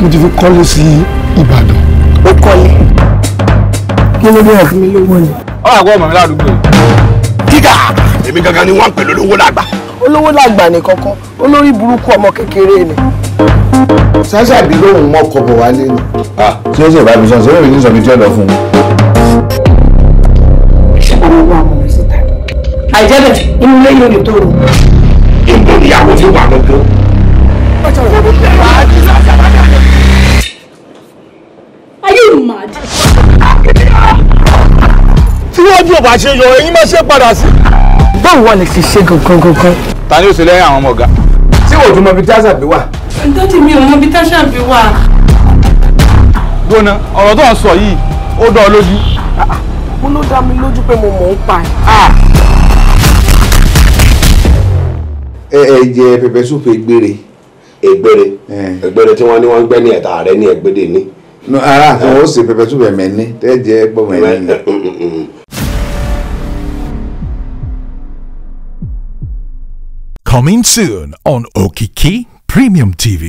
mo ti fi kọ́lé sí Ìbàdàn. ó kọ́lé. kí ló dé ọ̀fun mi lówó ni. ọ àgọ́ ọmọ mi ládùúgbò yìí. kíkà èmi gangan ni wọ́n ń pè lólówó làgbà. olówó làgbà ní kankan olórí burúkú ọmọ kékeré ni. sàṣà bí lóun mọ kọ̀bọ̀ wálé ni. Ah, ṣé ó sì bá mi sọ ṣé ó yìí sọ mi tí ó lọ fún mi. ọmọ wa mọ̀ síta. àìjẹ́ bẹ̀ inú ilé yóò you mad? tí wọ́n jù bá ṣe yọ ẹ̀yin máa ṣe padà sí. báwo wà lè ṣe ṣe gangan gangan. ta ni ó ṣe lẹ́yìn àwọn ọmọ ọ̀gá. tí wò ó tún mọ ibi táṣà bí wà. dọ́tí mi ò mọ ibi táṣà bí wà. gbóná ọ̀rọ̀ tó ń sọ yìí ó dán ọ lójú. mo ló dá mi lójú pé mo mọ̀ ń pa ẹ̀. ẹ ẹ jẹ pẹpẹ súpè gbére ẹgbẹrẹ ẹgbẹrẹ tí wọn ní wọn gbẹ ní ẹta rẹ ní ẹgbẹdẹ ní ara ah, kan ó ṣe pẹpẹ túbẹ̀ mẹ́ni tẹ́jẹ́ pọ̀ mẹ́ni. Coming soon on Okiki Premium TV.